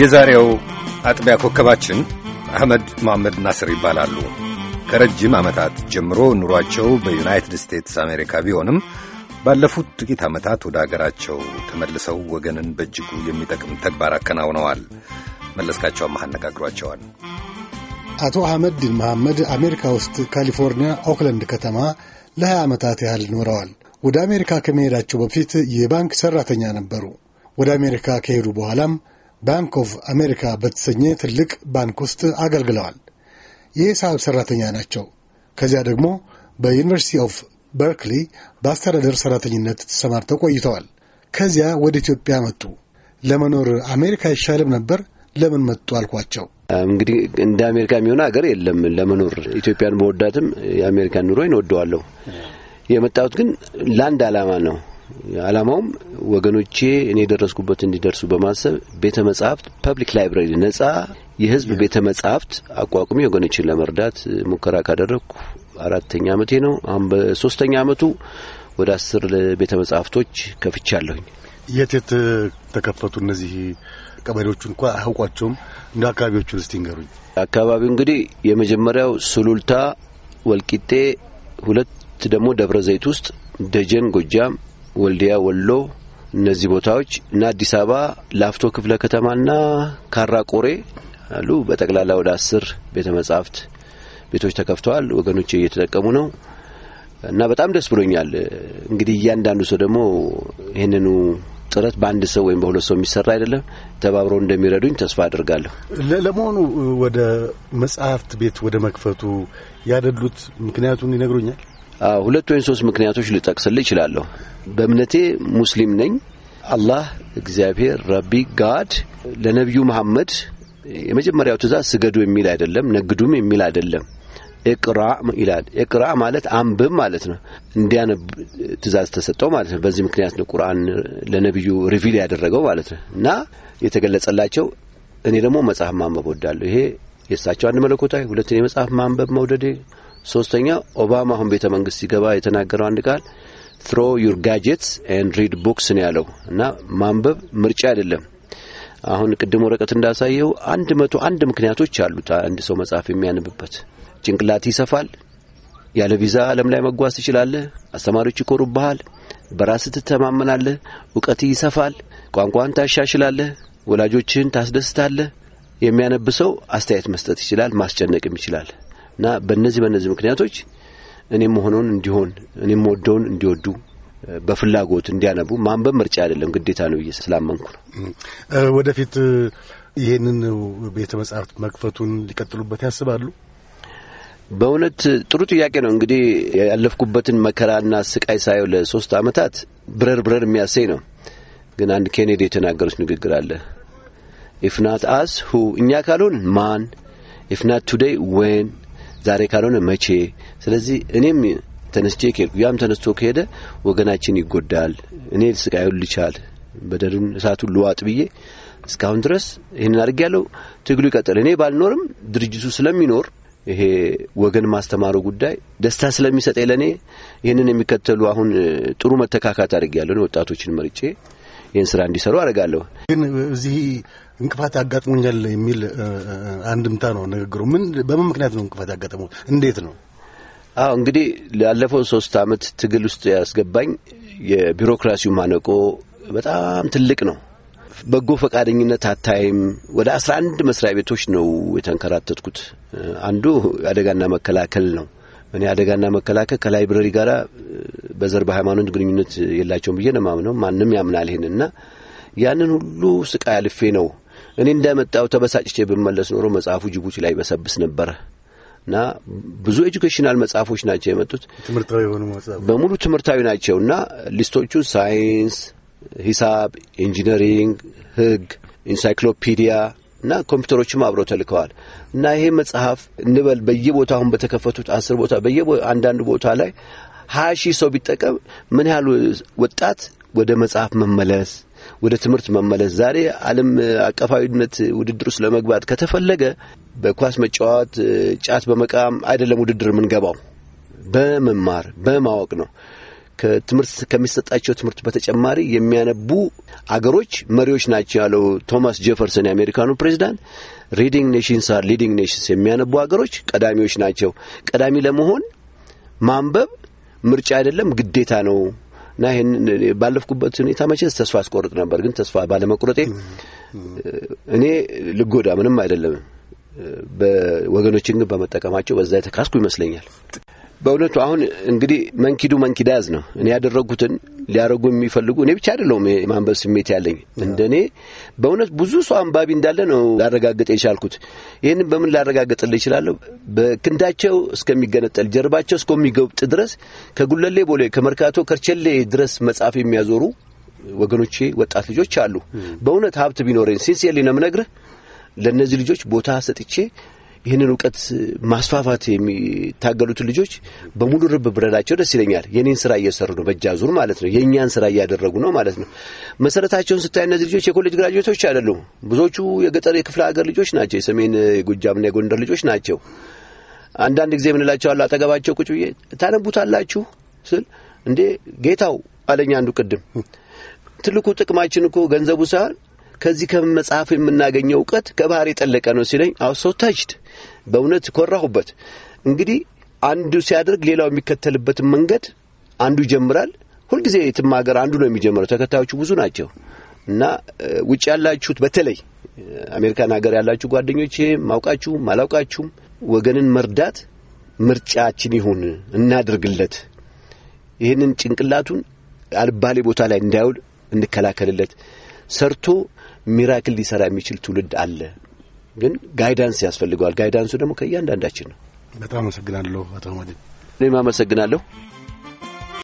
የዛሬው አጥቢያ ኮከባችን አህመድ መሐመድ ናስር ይባላሉ። ከረጅም ዓመታት ጀምሮ ኑሯቸው በዩናይትድ ስቴትስ አሜሪካ ቢሆንም ባለፉት ጥቂት ዓመታት ወደ አገራቸው ተመልሰው ወገንን በእጅጉ የሚጠቅም ተግባር አከናውነዋል። መለስካቸው አማህ አነጋግሯቸዋል። አቶ አህመድ ዲን መሐመድ አሜሪካ ውስጥ ካሊፎርኒያ ኦክላንድ ከተማ ለ20 ዓመታት ያህል ኖረዋል። ወደ አሜሪካ ከመሄዳቸው በፊት የባንክ ሠራተኛ ነበሩ። ወደ አሜሪካ ከሄዱ በኋላም ባንክ ኦፍ አሜሪካ በተሰኘ ትልቅ ባንክ ውስጥ አገልግለዋል። የሂሳብ ሰራተኛ ናቸው። ከዚያ ደግሞ በዩኒቨርሲቲ ኦፍ በርክሊ በአስተዳደር ሰራተኝነት ተሰማርተው ቆይተዋል። ከዚያ ወደ ኢትዮጵያ መጡ። ለመኖር አሜሪካ አይሻልም ነበር? ለምን መጡ አልኳቸው። እንግዲህ እንደ አሜሪካ የሚሆነ ሀገር የለም ለመኖር። ኢትዮጵያን በወዳትም የአሜሪካን ኑሮ ይንወደዋለሁ። የመጣሁት ግን ለአንድ ዓላማ ነው አላማውም ወገኖቼ እኔ የደረስኩበት እንዲደርሱ በማሰብ ቤተ መጽሀፍት ፐብሊክ ላይብራሪ ነጻ የህዝብ ቤተ መጻሕፍት አቋቁሚ ወገኖችን ለመርዳት ሙከራ ካደረግኩ አራተኛ አመቴ ነው። አሁን በሶስተኛ ዓመቱ ወደ አስር ቤተ መጽሀፍቶች ከፍቻለሁኝ። የት የት ተከፈቱ? እነዚህ ቀበሌዎቹ እንኳ አያውቋቸውም። እንደ አካባቢዎቹን እስቲ ንገሩኝ። አካባቢው እንግዲህ የመጀመሪያው ሱሉልታ፣ ወልቂጤ፣ ሁለት ደግሞ ደብረ ዘይት ውስጥ፣ ደጀን ጎጃም፣ ወልዲያ፣ ወሎ እነዚህ ቦታዎች እና አዲስ አበባ ላፍቶ ክፍለ ከተማና ካራ ቆሬ አሉ። በጠቅላላ ወደ አስር ቤተ መጻሕፍት ቤቶች ተከፍተዋል። ወገኖች እየተጠቀሙ ነው እና በጣም ደስ ብሎኛል። እንግዲህ እያንዳንዱ ሰው ደግሞ ይህንኑ ጥረት በአንድ ሰው ወይም በሁለት ሰው የሚሰራ አይደለም። ተባብረው እንደሚረዱኝ ተስፋ አድርጋለሁ። ለመሆኑ ወደ መጽሐፍት ቤት ወደ መክፈቱ ያደሉት ምክንያቱን ይነግሩኛል? ሁለት ወይም ሶስት ምክንያቶች ልጠቅስልህ ይችላለሁ። በእምነቴ ሙስሊም ነኝ። አላህ እግዚአብሔር ረቢ ጋድ ለነቢዩ መሐመድ የመጀመሪያው ትእዛዝ ስገዱ የሚል አይደለም፣ ነግዱም የሚል አይደለም። እቅራ ይላል። እቅራ ማለት አንብብ ማለት ነው። እንዲያነብ ትእዛዝ ተሰጠው ማለት ነው። በዚህ ምክንያት ነው ቁርአን ለነቢዩ ሪቪል ያደረገው ማለት ነው እና የተገለጸላቸው። እኔ ደግሞ መጽሐፍ ማንበብ ወዳለሁ። ይሄ የእሳቸው አንድ መለኮታዊ፣ ሁለተኛ መጽሐፍ ማንበብ መውደዴ ሶስተኛ ኦባማ አሁን ቤተ መንግስት ሲገባ የተናገረው አንድ ቃል ትሮ ዩር ጋጀትስ ኤን ሪድ ቡክስ ነው ያለው እና ማንበብ ምርጫ አይደለም። አሁን ቅድም ወረቀት እንዳሳየው አንድ መቶ አንድ ምክንያቶች አሉት አንድ ሰው መጽሐፍ የሚያነብበት ጭንቅላት ይሰፋል። ያለ ቪዛ አለም ላይ መጓዝ ትችላለህ። አስተማሪዎች ይኮሩብሃል። በራስ ትተማመናለህ። እውቀት ይሰፋል። ቋንቋን ታሻሽላለህ። ወላጆችህን ታስደስታለህ። የሚያነብ ሰው አስተያየት መስጠት ይችላል። ማስጨነቅም ይችላል። እና በእነዚህ በእነዚህ ምክንያቶች እኔም መሆነውን እንዲሆን እኔም ወደውን እንዲወዱ በፍላጎት እንዲያነቡ ማንበብ ምርጫ አይደለም ግዴታ ነው ብዬ ስላመንኩ ነው። ወደፊት ይህንን ቤተ መጻሕፍት መክፈቱን ሊቀጥሉበት ያስባሉ? በእውነት ጥሩ ጥያቄ ነው። እንግዲህ ያለፍኩበትን መከራና ስቃይ ሳየው ለሶስት ዓመታት ብረር ብረር የሚያሰኝ ነው። ግን አንድ ኬኔዲ የተናገሩት ንግግር አለ። ኢፍናት አስ ሁ እኛ ካልሆን ማን ኢፍናት ቱዴይ ዌን ዛሬ ካልሆነ መቼ? ስለዚህ እኔም ተነስቼ ከሄድኩ ያም ተነስቶ ከሄደ ወገናችን ይጎዳል። እኔ ስቃዩን ልቻል በደሉን እሳት ሁሉ ዋጥ ብዬ እስካሁን ድረስ ይህንን አድርግ ያለው ትግሉ ይቀጥል። እኔ ባልኖርም ድርጅቱ ስለሚኖር ይሄ ወገን ማስተማሩ ጉዳይ ደስታ ስለሚሰጠኝ ለእኔ ይህንን የሚከተሉ አሁን ጥሩ መተካካት አድርግ ያለውን ወጣቶችን መርጬ ይህን ስራ እንዲሰሩ አደርጋለሁ። ግን እዚህ እንቅፋት አጋጥሞኛል የሚል አንድምታ ነው ንግግሩ። ምን በምን ምክንያት ነው እንቅፋት ያጋጠሙት? እንዴት ነው? አዎ እንግዲህ ላለፈው ሶስት አመት ትግል ውስጥ ያስገባኝ የቢሮክራሲው ማነቆ በጣም ትልቅ ነው። በጎ ፈቃደኝነት አታይም። ወደ አስራ አንድ መስሪያ ቤቶች ነው የተንከራተትኩት። አንዱ አደጋና መከላከል ነው። እኔ አደጋና መከላከል ከላይብረሪ ጋር በዘር በሃይማኖት ግንኙነት የላቸውም ብዬ ነው ማምነው። ማንም ያምናል ይሄንና ያንን ሁሉ ስቃይ አልፌ ነው እኔ እንደመጣው ተበሳጭቼ ብመለስ ኖሮ መጽሐፉ ጅቡቲ ላይ በሰብስ ነበረ እና ብዙ ኤጁኬሽናል መጽሐፎች ናቸው የመጡት። ትምህርታዊ የሆኑ በሙሉ ትምህርታዊ ናቸው እና ሊስቶቹ ሳይንስ፣ ሂሳብ፣ ኢንጂነሪንግ፣ ህግ፣ ኢንሳይክሎፒዲያ እና ኮምፒውተሮችም አብረው ተልከዋል እና ይሄ መጽሐፍ እንበል በየቦታ አሁን በተከፈቱት አስር ቦታ በየ አንዳንድ ቦታ ላይ ሀያ ሺህ ሰው ቢጠቀም ምን ያህል ወጣት ወደ መጽሐፍ መመለስ ወደ ትምህርት መመለስ ዛሬ ዓለም አቀፋዊነት ውድድር ውስጥ ለመግባት ከተፈለገ በኳስ መጫወት፣ ጫት በመቃም አይደለም ውድድር የምንገባው በመማር በማወቅ ነው። ከትምህርት ከሚሰጣቸው ትምህርት በተጨማሪ የሚያነቡ አገሮች መሪዎች ናቸው ያለው ቶማስ ጄፈርሰን የአሜሪካኑ ፕሬዚዳንት። ሪዲንግ ኔሽንስ አር ሊዲንግ ኔሽንስ፣ የሚያነቡ አገሮች ቀዳሚዎች ናቸው። ቀዳሚ ለመሆን ማንበብ ምርጫ አይደለም ግዴታ ነው እና ይህን ባለፍኩበት ሁኔታ መቼ ተስፋ አስቆርጥ ነበር። ግን ተስፋ ባለመቁረጤ እኔ ልጎዳ ምንም አይደለም። ወገኖችን ግን በመጠቀማቸው በዛ የተካስኩ ይመስለኛል። በእውነቱ አሁን እንግዲህ መንኪዱ መንኪዳያዝ ነው። እኔ ያደረጉትን ሊያደረጉ የሚፈልጉ እኔ ብቻ አይደለሁም የማንበብ ስሜት ያለኝ እንደ እኔ በእውነት ብዙ ሰው አንባቢ እንዳለ ነው ላረጋግጥ የቻልኩት። ይህንን በምን ላረጋግጥል እችላለሁ? በክንዳቸው እስከሚገነጠል ጀርባቸው እስከሚገብጥ ድረስ ከጉለሌ ቦሌ፣ ከመርካቶ ከርቸሌ ድረስ መጽሐፍ የሚያዞሩ ወገኖቼ ወጣት ልጆች አሉ። በእውነት ሀብት ቢኖረኝ ሲንሴሌ ነው የምነግርህ ለእነዚህ ልጆች ቦታ ሰጥቼ ይህንን እውቀት ማስፋፋት የሚታገሉትን ልጆች በሙሉ ርብ ብረዳቸው ደስ ይለኛል። የኔን ስራ እየሰሩ ነው፣ በእጅ ማለት ነው። የእኛን ስራ እያደረጉ ነው ማለት ነው። መሰረታቸውን ስታይ እነዚህ ልጆች የኮሌጅ ግራጁዌቶች አይደሉም። ብዙዎቹ የገጠር የክፍለ ሀገር ልጆች ናቸው። የሰሜን የጎጃምና የጎንደር ልጆች ናቸው። አንዳንድ ጊዜ አሉ አጠገባቸው ቁጭ ብዬ ታነቡታላችሁ ስል እንዴ ጌታው አለኝ አንዱ ቅድም ትልቁ ጥቅማችን እኮ ገንዘቡ ሳይሆን ከዚህ ከመጽሐፍ የምናገኘው እውቀት ከባህር የጠለቀ ነው ሲለኝ አሁ ሰው ታጅድ በእውነት ኮራሁበት። እንግዲህ አንዱ ሲያደርግ ሌላው የሚከተልበትን መንገድ አንዱ ይጀምራል። ሁልጊዜ የትም ሀገር አንዱ ነው የሚጀምረው፣ ተከታዮቹ ብዙ ናቸው እና ውጭ ያላችሁት በተለይ አሜሪካን ሀገር ያላችሁ ጓደኞች ማውቃችሁም አላውቃችሁም ወገንን መርዳት ምርጫችን ይሁን እናድርግለት። ይህንን ጭንቅላቱን አልባሌ ቦታ ላይ እንዳይውል እንከላከልለት። ሰርቶ ሚራክል ሊሰራ የሚችል ትውልድ አለ። ግን ጋይዳንስ ያስፈልገዋል። ጋይዳንሱ ደግሞ ከእያንዳንዳችን ነው። በጣም አመሰግናለሁ አቶ አህመድ። እኔም አመሰግናለሁ።